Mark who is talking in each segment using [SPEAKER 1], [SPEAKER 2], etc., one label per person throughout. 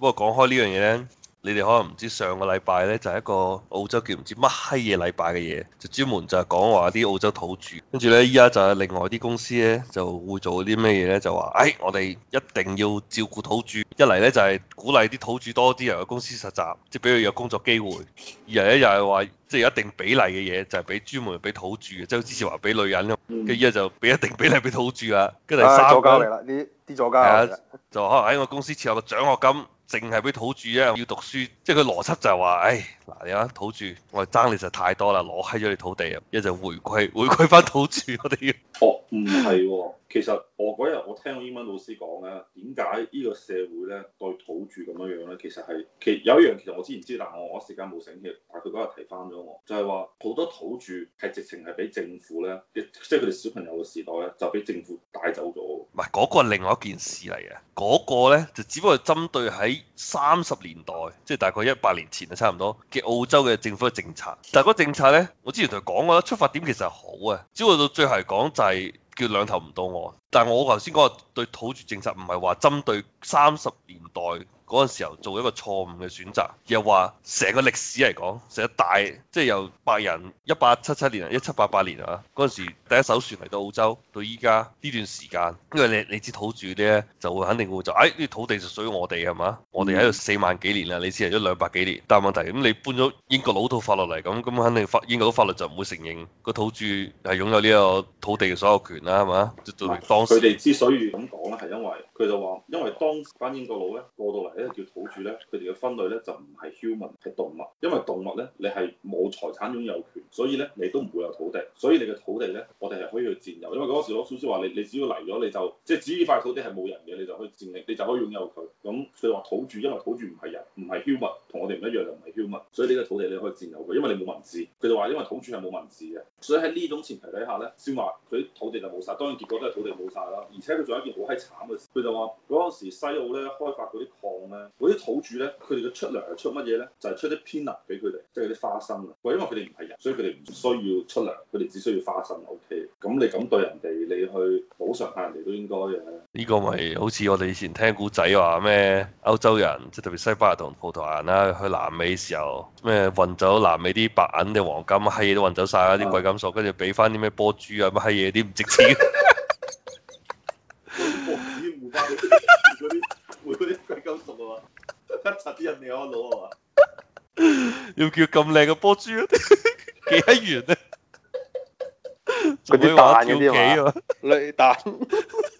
[SPEAKER 1] 不過講開呢樣嘢呢，你哋可能唔知上個禮拜呢，就係、是、一個澳洲叫唔知乜閪嘢禮拜嘅嘢，就專門就係講話啲澳洲土著。跟住呢，依家就係另外啲公司呢，就會做啲咩嘢呢？就話，誒、哎，我哋一定要照顧土著，一嚟呢，就係鼓勵啲土著多啲入公司實習，即係俾佢有工作機會；二嚟呢，又係話，即係一定比例嘅嘢就係、是、俾專門俾土著即係好似之前話俾女人咁。跟住依家就俾一定比例俾土著啊。跟住第三個嚟啦，啲啲助教
[SPEAKER 2] 嚟嘅，
[SPEAKER 1] 就可能喺我公司設有個獎學金。淨係俾土著啫，要讀書，即係佢邏輯就係話，唉，嗱，你睇下土著，我哋爭你實在太多啦，攞閪咗你土地，一就回饋，回饋翻土著，我哋要。 哦，唔係喎。其實
[SPEAKER 3] 我嗰日我聽英文老師講咧，點解呢個社會咧對土著咁樣樣咧，其實係其實有一樣其實我之前知道，但係我嗰時間冇醒嘅，但係佢嗰日提翻咗我，就係話好多土著係直情係俾政府咧，即係佢哋小朋友嘅時代咧，就俾政府
[SPEAKER 1] 帶走咗。唔係嗰個係另外一件事嚟嘅，嗰、嗰個咧就只不過針對喺三十年代，即、就、係、係、大概一百年前啊，差唔多嘅澳洲嘅政府嘅政策。但係嗰個政策咧，我之前同佢講啊，出發點其實係好啊，只係到最後係講就係、係。叫兩頭唔到岸，但係我頭先嗰個對土著政策唔係話針對三十年代。嗰陣時候做一個錯誤嘅選擇，又話成個歷史嚟講，成一大即係、就是、由白人一八七七年啊，一七八八年啊，嗰、那、陣、個、時第一艘船嚟到澳洲，到依家呢段時間，因為你你知土著啲咧，就會肯定會就誒呢、哎這個、土地就屬於我哋係嘛，我哋喺度四萬幾年啦，你先係一兩百幾年，但係問題咁、嗯、你搬咗英國佬套法律落嚟咁，咁肯定法英國佬法律就唔會承認個土著係擁有呢個土地嘅所有權啦，係嘛？就就當佢哋之所以咁講咧，係
[SPEAKER 3] 因為佢就話，因為當班英國佬咧過到嚟。咧叫土著咧，佢哋嘅分類咧就唔係 human 係動物，因為動物咧你係冇財產擁有權，所以咧你都唔會有土地，所以你嘅土地咧，我哋係可以去佔有，因為嗰時攞書話你你只要嚟咗你就即係只要塊土地係冇人嘅，你就可以佔領，你就可以擁有佢。咁佢話土著，因為土著唔係人，唔係 human，同我哋唔一樣就唔係 human。所以呢個土地你可以佔有佢，因為你冇文字。佢就話因為土著係冇文字嘅，所以喺呢種前提底下咧，先話佢土地就冇晒。當然結果都係土地冇晒啦。而且佢做一件好閪慘嘅事，佢就話嗰陣時西澳咧開發嗰啲礦咧，嗰啲土著咧，佢哋嘅出糧係出乜嘢咧？就係出啲 peanut 俾佢哋，即係啲花生啊。喂，因為佢哋唔係人，所以佢哋唔需要出糧，佢哋只需要花生。O K，咁你咁對人哋，你去補償下人哋都應該嘅。呢
[SPEAKER 1] 個咪好似我哋以前聽古仔話誒，歐洲人即係特別西班牙同葡萄牙啦，去南美嘅時候，咩運走南美啲白銀定黃金，乜閪嘢都運走晒啦，啲貴金屬，跟住俾翻啲咩波珠啊，乜閪嘢啲唔值錢，啲
[SPEAKER 3] 啲貴金屬啊嘛，一啲人嚟攞啊，
[SPEAKER 1] 要叫咁靚嘅波珠啊， 幾一元啊！
[SPEAKER 3] 嗰啲蛋嗰啲嘛，雷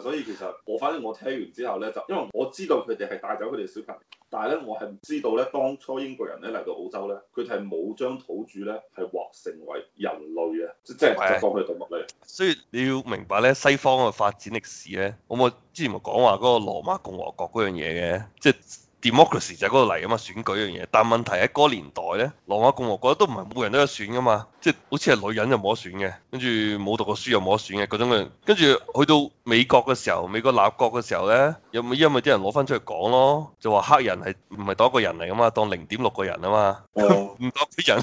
[SPEAKER 3] 所以其實我反正我聽完之後咧，就因為我知道佢哋係帶走佢哋小朋友，但係咧我係唔知道咧，當初英國人咧嚟到澳洲咧，佢哋係冇將土著咧係劃成為人類嘅，即係放佢動物類。
[SPEAKER 1] 所以你要明白咧，西方嘅發展歷史咧，我咪之前咪講話嗰個羅馬共和國嗰樣嘢嘅，即係。Democracy 就係嗰度嚟啊嘛，選舉樣嘢。但問題喺嗰個年代咧，羅馬共和國都唔係每個人都有選噶嘛，即係好似係女人就冇得選嘅，跟住冇讀過書又冇得選嘅嗰種嘅。跟住去到美國嘅時候，美國立國嘅時候咧，又咪因為啲人攞翻出嚟講咯，就話黑人係唔係當一個人嚟噶嘛，當零點六個人啊嘛，唔、oh. 當啲人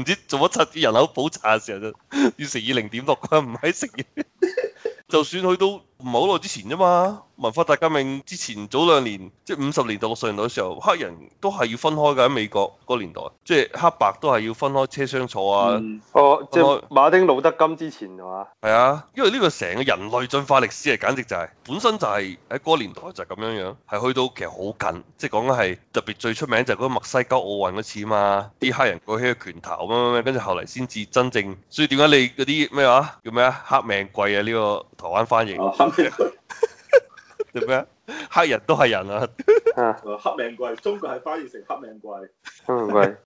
[SPEAKER 1] 唔 知做乜測啲人口普查嘅時候就 要乘以零點六，唔係食嘢，就算去到唔係好耐之前啫嘛。文化大革命之前早兩年，即係五十年代六十年代嘅時候，黑人都係要分開嘅喺美國嗰年代，即係黑白都係要分開車廂坐啊、嗯。哦，
[SPEAKER 2] 開即係馬丁路德金之前係嘛？
[SPEAKER 1] 係啊，因為呢個成個人類進化歷史係簡直就係、係、本身就係喺嗰個年代就咁樣樣，係去到其實好近，即係講緊係特別最出名就係嗰個墨西哥奧運嗰次嘛，啲黑人舉起個拳頭，咩咩咩，跟住後嚟先至真正。所以點解你嗰啲咩話叫咩啊？黑命貴啊！呢、呢個台灣翻譯。啊 做咩啊？黑人都係人啊！ 黑
[SPEAKER 3] 命貴，中國係翻譯
[SPEAKER 1] 成黑命貴。黑命貴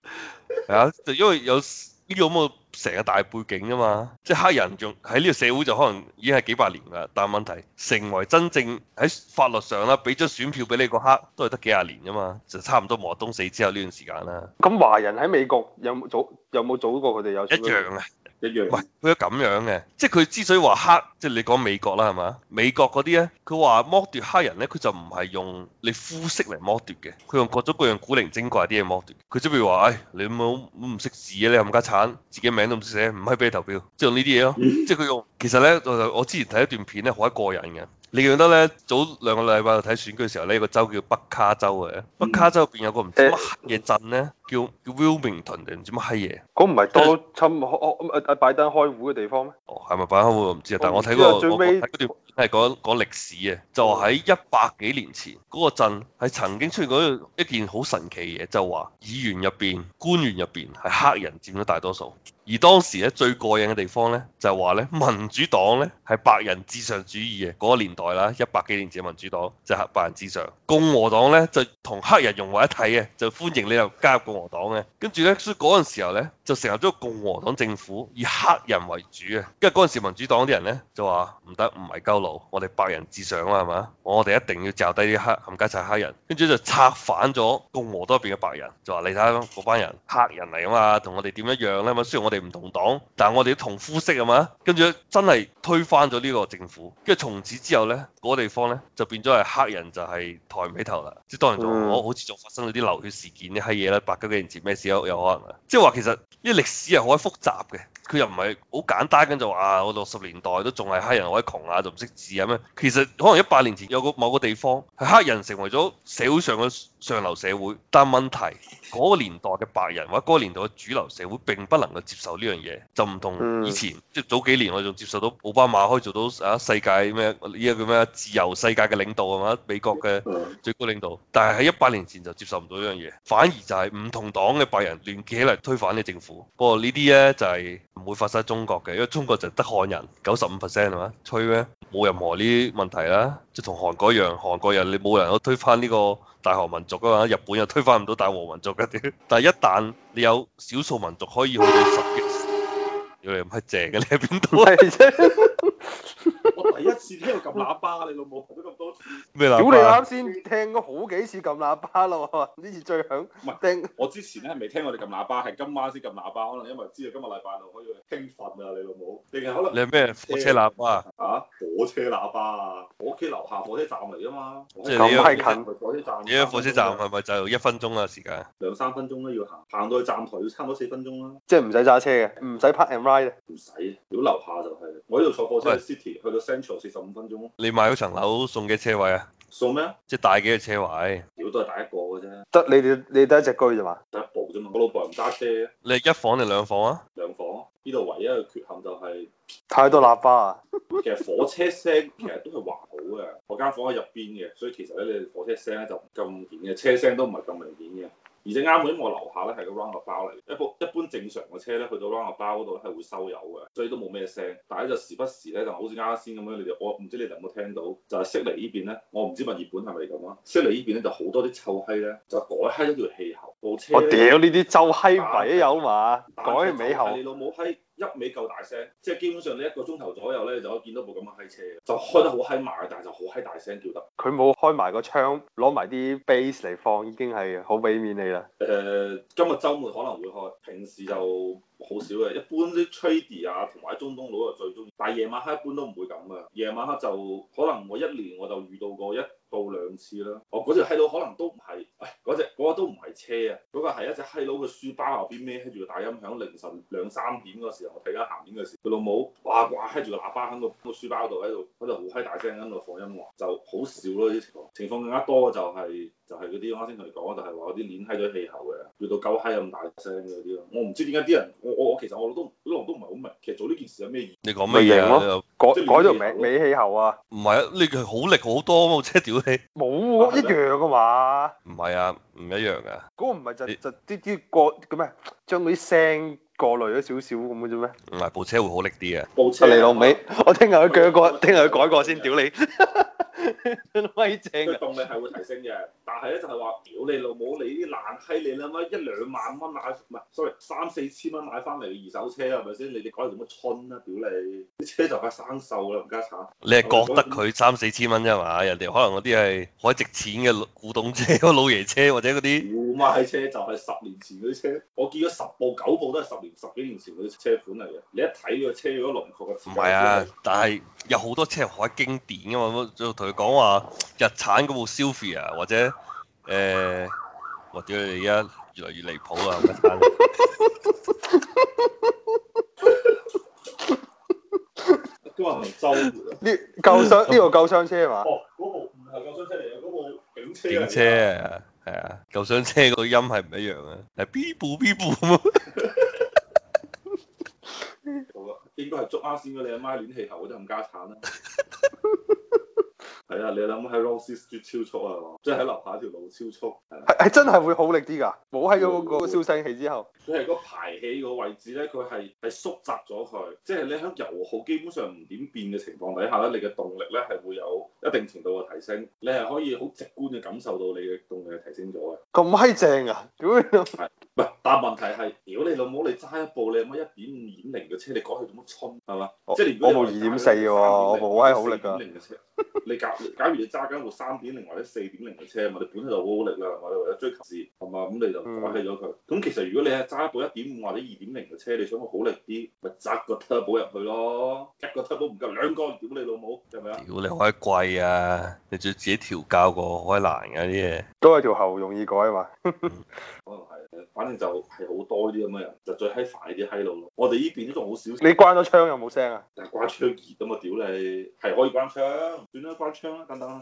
[SPEAKER 1] 啊，就 因為有呢個咁嘅成個大背景啊嘛。即、就、係、是、黑人仲喺呢個社會就可能已經係幾百年啦。但係問題成為真正喺法律上啦，俾咗選票俾你個黑都係得幾廿年㗎嘛。就差唔多毛澤東死之後呢段時間啦。
[SPEAKER 2] 咁華人喺美國有早有冇早過佢哋有票票？一樣啊。一
[SPEAKER 1] 樣喂，佢都咁樣嘅，即係佢之所以話黑，即係你講美國啦係嘛？美國嗰啲咧，佢話剝奪黑人咧，佢就唔係用你膚色嚟剝奪嘅，佢用各種各樣古靈精怪啲嘢剝奪。佢即譬如話，誒你冇唔識字啊，你冚家鏟，自己名都唔識寫，唔可以俾你投票，即係用呢啲嘢咯。即係佢用，嗯、其實咧，我之前睇一段片咧，好過癮嘅。你記得咧，早兩個禮拜睇選舉時候咧，個州叫北卡州嘅，北卡州入邊有個唔知乜嘢鎮咧。叫叫 Wilmington 定唔知乜閪嘢？嗰唔係多。
[SPEAKER 2] 侵開哦，拜登開戶嘅地方咩？
[SPEAKER 1] 哦，係咪拜登開戶我唔知啊。知但係我睇嗰個最尾係講講歷史啊，就喺一百幾年前嗰個鎮係曾經出現過一一件好神奇嘅嘢，就話議員入邊、官員入邊係黑人佔咗大多數。而當時咧最過癮嘅地方咧，就話咧民主黨咧係白人至上主義嘅嗰個年代啦，一百幾年前民主黨就黑白人至上，共和黨咧就同黑人融合一體嘅，就歡迎你又加入共黨嘅，跟住咧，所以嗰陣時候咧，就成立咗共和黨政府，以黑人為主嘅。跟住嗰陣時，民主黨啲人咧就話唔得，唔係鳩路，我哋白人至上啊嘛，係嘛？我哋一定要驟低啲黑，冚家晒黑人，跟住就拆反咗共和黨邊嘅白人，就話你睇下嗰班人黑人嚟啊嘛，同我哋點一樣咧嘛。雖然我哋唔同黨，但係我哋都同膚色啊嘛。跟住咧真係推翻咗呢個政府，跟住從此之後咧，嗰個地方咧就變咗係黑人就係抬唔起頭啦。即係當年我好似仲發生咗啲流血事件呢，閪嘢啦，白幾年前咩事啊？有可能、就係、啊，即係話其實呢啲歷史係好複雜嘅，佢又唔係好簡單，跟住話我六十年代都仲係黑人，可以窮下就唔識字啊咩？其實可能一百年前有個某個地方，係黑人成為咗社會上嘅。上流社會，但問題嗰個年代嘅白人或者嗰個年代嘅主流社會並不能夠接受呢樣嘢，就唔同以前，即早幾年我仲接受到奧巴馬可以做到啊世界咩，依家叫咩自由世界嘅領導係嘛，美國嘅最高領導，但係喺一百年前就接受唔到呢樣嘢，反而就係唔同黨嘅白人聯結起嚟推翻嘅政府。不過呢啲呢，就係唔會發生喺中國嘅，因為中國就得漢人九十五 percent 係嘛，吹咩？冇任何呢啲問題啦，即係同韓國一樣，韓國人你冇人可推翻呢個大韓民族㗎嘛，日本又推翻唔到大和民族嘅，但係一旦你有少數民族可以去到十幾，你係唔係正嘅？你係邊度嚟啫？
[SPEAKER 3] 第
[SPEAKER 2] 一次聽
[SPEAKER 1] 到撳喇叭，你老母撲咗咁多次。
[SPEAKER 3] 屌你啱先聽咗好幾次撳喇叭啦喎，呢次最響。唔係是， 我之前咧未聽過你撳喇叭，係今晚先撳喇叭。可能因為知道今日禮拜六可以興奮啊，你老
[SPEAKER 1] 母。可能你係咩火車喇叭，車喇
[SPEAKER 3] 叭啊？火車喇叭啊！叭我屋企樓下火車站嚟啊嘛。即係你要行去火車站是是。火車站係咪就一分
[SPEAKER 1] 鐘啊時間？兩三分鐘都要行，行到去站台
[SPEAKER 3] 要差唔多四分鐘啦。
[SPEAKER 1] 即係唔使揸車嘅，唔
[SPEAKER 3] 使 park and ride 嘅，唔使。如果樓下就係、是，我呢度坐火車 city 是去到做四十
[SPEAKER 1] 五分鐘。你買咗層樓送幾多車位啊？送咩啊？即係大幾嘅車位？
[SPEAKER 3] 屌都係大一個嘅啫。得你哋你得一隻居啫嘛？得一部啫嘛，我老婆唔揸車。
[SPEAKER 1] 你
[SPEAKER 2] 係一房定兩房啊？
[SPEAKER 3] 兩房。呢度唯一嘅缺陷就係、
[SPEAKER 2] 是、太多喇叭啊！
[SPEAKER 3] 其實火車聲其實都係還好嘅，我間房喺入邊嘅，所以其實咧你火車聲咧就唔咁顯嘅，車聲都唔係咁明而且啱好我樓下咧係個 round 包嚟，一部一般正常嘅車咧去到 round 包嗰度咧係會收油嘅，所以都冇咩聲。但係咧就時不時咧就好似啱先咁樣，你哋我唔知你哋有冇聽到，就係悉尼呢邊咧，我唔知墨爾本係咪咁啊。悉尼呢邊咧就好多啲臭閪咧，就改閪一條氣喉，部車。我屌呢啲臭閪鬼有嘛？是改尾喉。一味夠大聲，即係基本上你一個鐘頭左右咧，就可以見到部咁樣閪車，就開得好閪埋，但係就好閪大聲叫得。
[SPEAKER 2] 佢冇開埋個窗，攞埋啲 base 嚟放，已經係好俾面你啦。誒、
[SPEAKER 3] 呃，今日周末可能會開，平時就好少嘅，一般啲 tradie 啊同埋中東佬就最中意，但係夜晚黑一般都唔會咁嘅，夜晚黑就可能我一年我就遇到過一到兩次啦。我嗰隻喺度可能都唔係。嗰隻嗰個都唔係車啊，嗰、嗰個係一隻閪佬嘅書包後邊孭住個大音響，凌晨兩三點嗰時候我睇緊行緊嘅時，佢老母哇哇，喺住、個喇叭響個個書包度喺度，度好閪大聲咁喺度放音樂，就好少咯啲情況，情況更加多就係就係嗰啲我啱先同你講，就係話嗰啲亂閪咗氣候嘅，叫到鳩閪咁大聲嗰啲咯，我唔知點解啲人，我我其實我都我都唔係好明，其實做呢件事有咩意思？你講咩嘢咯？改改咗名氣候啊？
[SPEAKER 1] 唔係啊，呢個好力好多，即係屌你
[SPEAKER 3] 冇一樣嘅嘛？
[SPEAKER 1] 唔係啊。唔一樣噶、啊，
[SPEAKER 2] 嗰個唔係就是、就啲、是、啲、就是就是、過咁咩？將嗰啲聲過濾咗少少咁嘅啫咩？
[SPEAKER 1] 唔係部車會好力啲啊！部車你老味，我聽日去改過，聽日去改過先，屌你 ！
[SPEAKER 3] 威正啊！動力係會提升嘅，但係咧就係話屌你老母，你啲爛閪你啦嘛，一兩萬蚊買唔係，sorry，三四千蚊買翻嚟嘅二手車啦，係咪先？你哋改嚟做乜春啊？屌你，啲車就快生鏽啦，冚家鏟。你係覺得佢
[SPEAKER 1] 三四千蚊啫嘛？人哋可能嗰啲係好值錢嘅古董車、老爺車或者嗰啲。胡買車
[SPEAKER 3] 就係十年前嗰啲車，我見咗十部九部都係十年、十幾年前嗰啲車款嚟嘅。你一睇個車嗰個輪廓嘅，唔係啊！
[SPEAKER 1] 但係有好多車好經典嘅嘛，佢講話日產嗰部 Silvia 或者誒，我、欸、屌你而家越嚟越離譜啊！日話唔收換啊！呢
[SPEAKER 3] 救傷
[SPEAKER 2] 呢個救傷車嘛？哦，嗰部唔係救傷車嚟啊。
[SPEAKER 3] 嗰部警車。
[SPEAKER 1] 警車啊，係啊，救傷車個音係唔一樣啊。係 B 部 B 部咁啊！ 好啊，應
[SPEAKER 3] 該係捉啱先嘅，你阿媽暖氣喉嗰啲冚家鏟啦。 係啊，你老母喺 r o s s i g h 超速啊，即係喺樓下條路超速，係真係
[SPEAKER 2] 會好力啲噶，冇喺嗰個消聲
[SPEAKER 3] 器之後。佢係個排氣個位置咧，佢係係縮窄咗佢，即係你喺油耗基本上唔點變嘅情況底下咧，你嘅動力咧係會有一定程度嘅提升，你係可以好直觀嘅感受到你嘅動力係提升咗嘅。
[SPEAKER 2] 咁閪正啊？咁係，唔
[SPEAKER 3] 係，但係問題係，如果你老母你揸一部你咁樣一點五、二點零嘅車，你講起做乜春？係嘛？
[SPEAKER 2] 我部二點四喎，我部威好力噶。
[SPEAKER 3] 你假假如你揸緊部三點零或者四點零嘅車，咪你本身就好好力啦，或者為咗追求時，係嘛？咁你就擺低咗佢。咁、嗯、其實如果你係揸一部一點五或者二點零嘅車，你想佢好力啲，咪扎個 Turbo 入去咯。一個 Turbo 唔夠，兩個屌你老母，係咪啊？屌
[SPEAKER 1] 你開貴啊！你仲要自己調教個，開難嘅啲嘢。
[SPEAKER 2] 都係條喉容易改嘛。可能
[SPEAKER 3] 係，反正就係好多啲咁嘅人，就最閪快啲閪佬咯。我哋呢邊都仲好少啊。你關咗窗又冇聲啊？但係關窗熱啊嘛！屌你，係可以關窗。掛車等等。